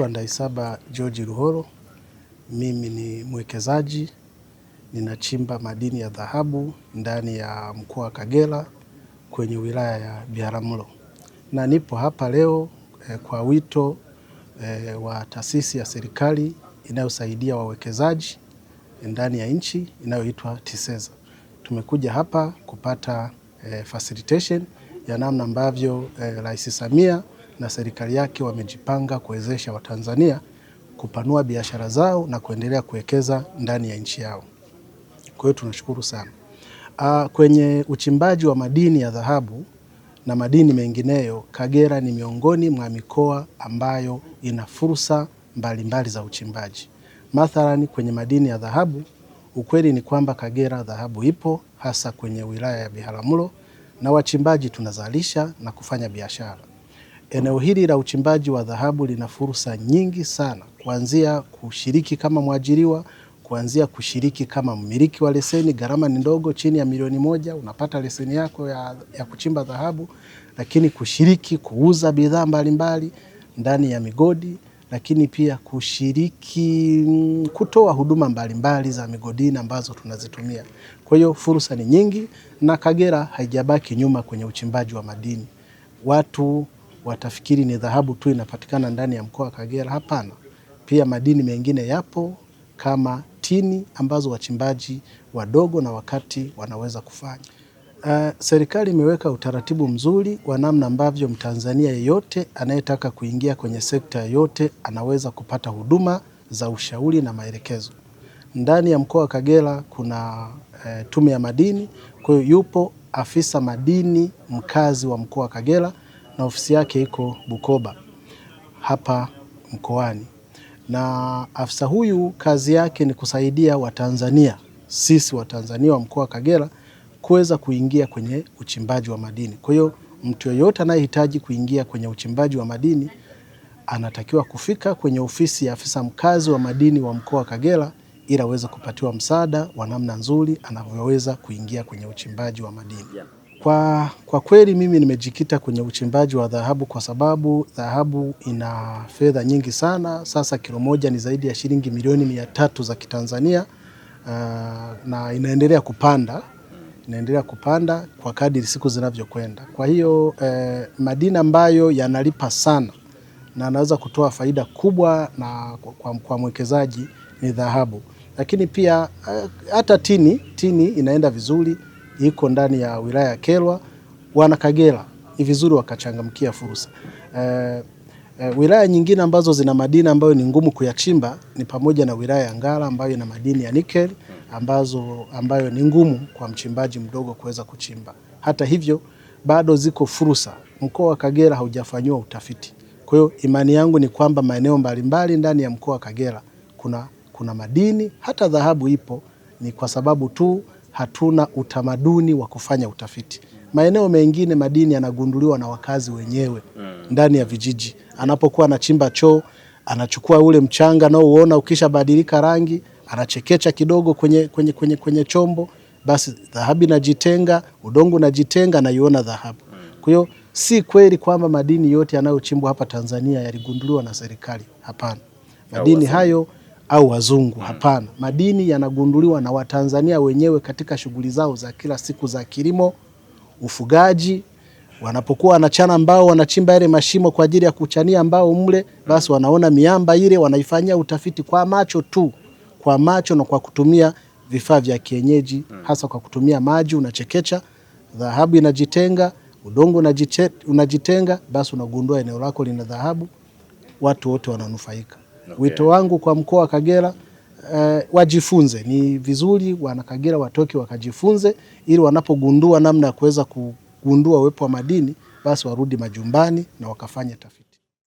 Naitwa Ndaisaba George Ruhoro. Mimi ni mwekezaji, ninachimba madini ya dhahabu ndani ya mkoa wa Kagera kwenye wilaya ya Biharamulo, na nipo hapa leo eh, kwa wito eh, wa taasisi ya serikali inayosaidia wawekezaji ndani ya nchi inayoitwa TISEZA. Tumekuja hapa kupata eh, facilitation ya namna ambavyo eh, Rais Samia na serikali yake wamejipanga kuwezesha Watanzania kupanua biashara zao na kuendelea kuwekeza ndani ya nchi yao. Kwa hiyo tunashukuru sana. Aa, ah, kwenye uchimbaji wa madini ya dhahabu na madini mengineyo, Kagera ni miongoni mwa mikoa ambayo ina fursa mbalimbali za uchimbaji. Mathalani kwenye madini ya dhahabu, ukweli ni kwamba Kagera dhahabu ipo hasa kwenye wilaya ya Biharamulo na wachimbaji tunazalisha na kufanya biashara. Eneo hili la uchimbaji wa dhahabu lina fursa nyingi sana, kuanzia kushiriki kama mwajiriwa, kuanzia kushiriki kama mmiliki wa leseni. Gharama ni ndogo, chini ya milioni moja unapata leseni yako ya, ya kuchimba dhahabu, lakini kushiriki kuuza bidhaa mbalimbali ndani ya migodi, lakini pia kushiriki mm, kutoa huduma mbalimbali za migodini ambazo tunazitumia. Kwa hiyo fursa ni nyingi, na Kagera haijabaki nyuma kwenye uchimbaji wa madini watu watafikiri ni dhahabu tu inapatikana ndani ya mkoa wa Kagera. Hapana, pia madini mengine yapo kama tini ambazo wachimbaji wadogo na wakati wanaweza kufanya. Uh, serikali imeweka utaratibu mzuri wa namna ambavyo Mtanzania yeyote anayetaka kuingia kwenye sekta yoyote anaweza kupata huduma za ushauri na maelekezo. Ndani ya mkoa wa Kagera kuna uh, tume ya madini, kwa hiyo yupo afisa madini mkazi wa mkoa wa Kagera na ofisi yake iko Bukoba hapa mkoani, na afisa huyu kazi yake ni kusaidia Watanzania sisi Watanzania wa mkoa wa Kagera kuweza kuingia kwenye uchimbaji wa madini. Kwa hiyo mtu yeyote anayehitaji kuingia kwenye uchimbaji wa madini anatakiwa kufika kwenye ofisi ya afisa mkazi wa madini wa mkoa wa Kagera ili aweze kupatiwa msaada wa namna nzuri anavyoweza kuingia kwenye uchimbaji wa madini. Kwa, kwa kweli mimi nimejikita kwenye uchimbaji wa dhahabu kwa sababu dhahabu ina fedha nyingi sana. Sasa kilo moja ni zaidi ya shilingi milioni mia tatu za Kitanzania uh, na inaendelea kupanda inaendelea kupanda kwa kadiri siku zinavyokwenda. Kwa hiyo eh, madini ambayo yanalipa sana na anaweza kutoa faida kubwa na kwa, kwa mwekezaji ni dhahabu, lakini pia eh, hata eh, tini tini inaenda vizuri iko ndani ya wilaya ya Kyerwa, wana Kagera ni vizuri wakachangamkia fursa e, E, wilaya nyingine ambazo zina madini ambayo ni ngumu kuyachimba ni pamoja na wilaya ya Ngara ambayo ina madini ya nikeli ambazo ambayo ni ngumu kwa mchimbaji mdogo kuweza kuchimba. Hata hivyo bado ziko fursa, mkoa wa Kagera haujafanyiwa utafiti. Kwa hiyo imani yangu ni kwamba maeneo mbalimbali ndani ya mkoa wa Kagera kuna, kuna madini hata dhahabu ipo, ni kwa sababu tu hatuna utamaduni wa kufanya utafiti. Maeneo mengine madini yanagunduliwa na wakazi wenyewe hmm. ndani ya vijiji, anapokuwa anachimba choo, anachukua ule mchanga nao uona ukishabadilika rangi, anachekecha kidogo kwenye, kwenye, kwenye, kwenye chombo, basi dhahabu inajitenga, udongo unajitenga, naiona dhahabu. Hmm. Kwa hiyo si kweli kwamba madini yote yanayochimbwa hapa Tanzania yaligunduliwa na serikali. Hapana, madini hayo au wazungu. Mm. Hapana, madini yanagunduliwa na Watanzania wenyewe katika shughuli zao za kila siku za kilimo, ufugaji. Wanapokuwa wanachana mbao, wanachimba yale mashimo kwa ajili ya kuchania mbao mle, mm. basi wanaona miamba ile, wanaifanyia utafiti kwa macho tu, kwa macho na kwa kutumia vifaa vya kienyeji, mm. hasa kwa kutumia maji. Unachekecha, dhahabu inajitenga, udongo unajitenga, basi unagundua eneo lako lina dhahabu. Watu wote wananufaika. Okay. Wito wangu kwa mkoa wa Kagera Uh, wajifunze. Ni vizuri wana Kagera watoke wakajifunze, ili wanapogundua namna ya kuweza kugundua uwepo wa madini, basi warudi majumbani na wakafanye tafiti.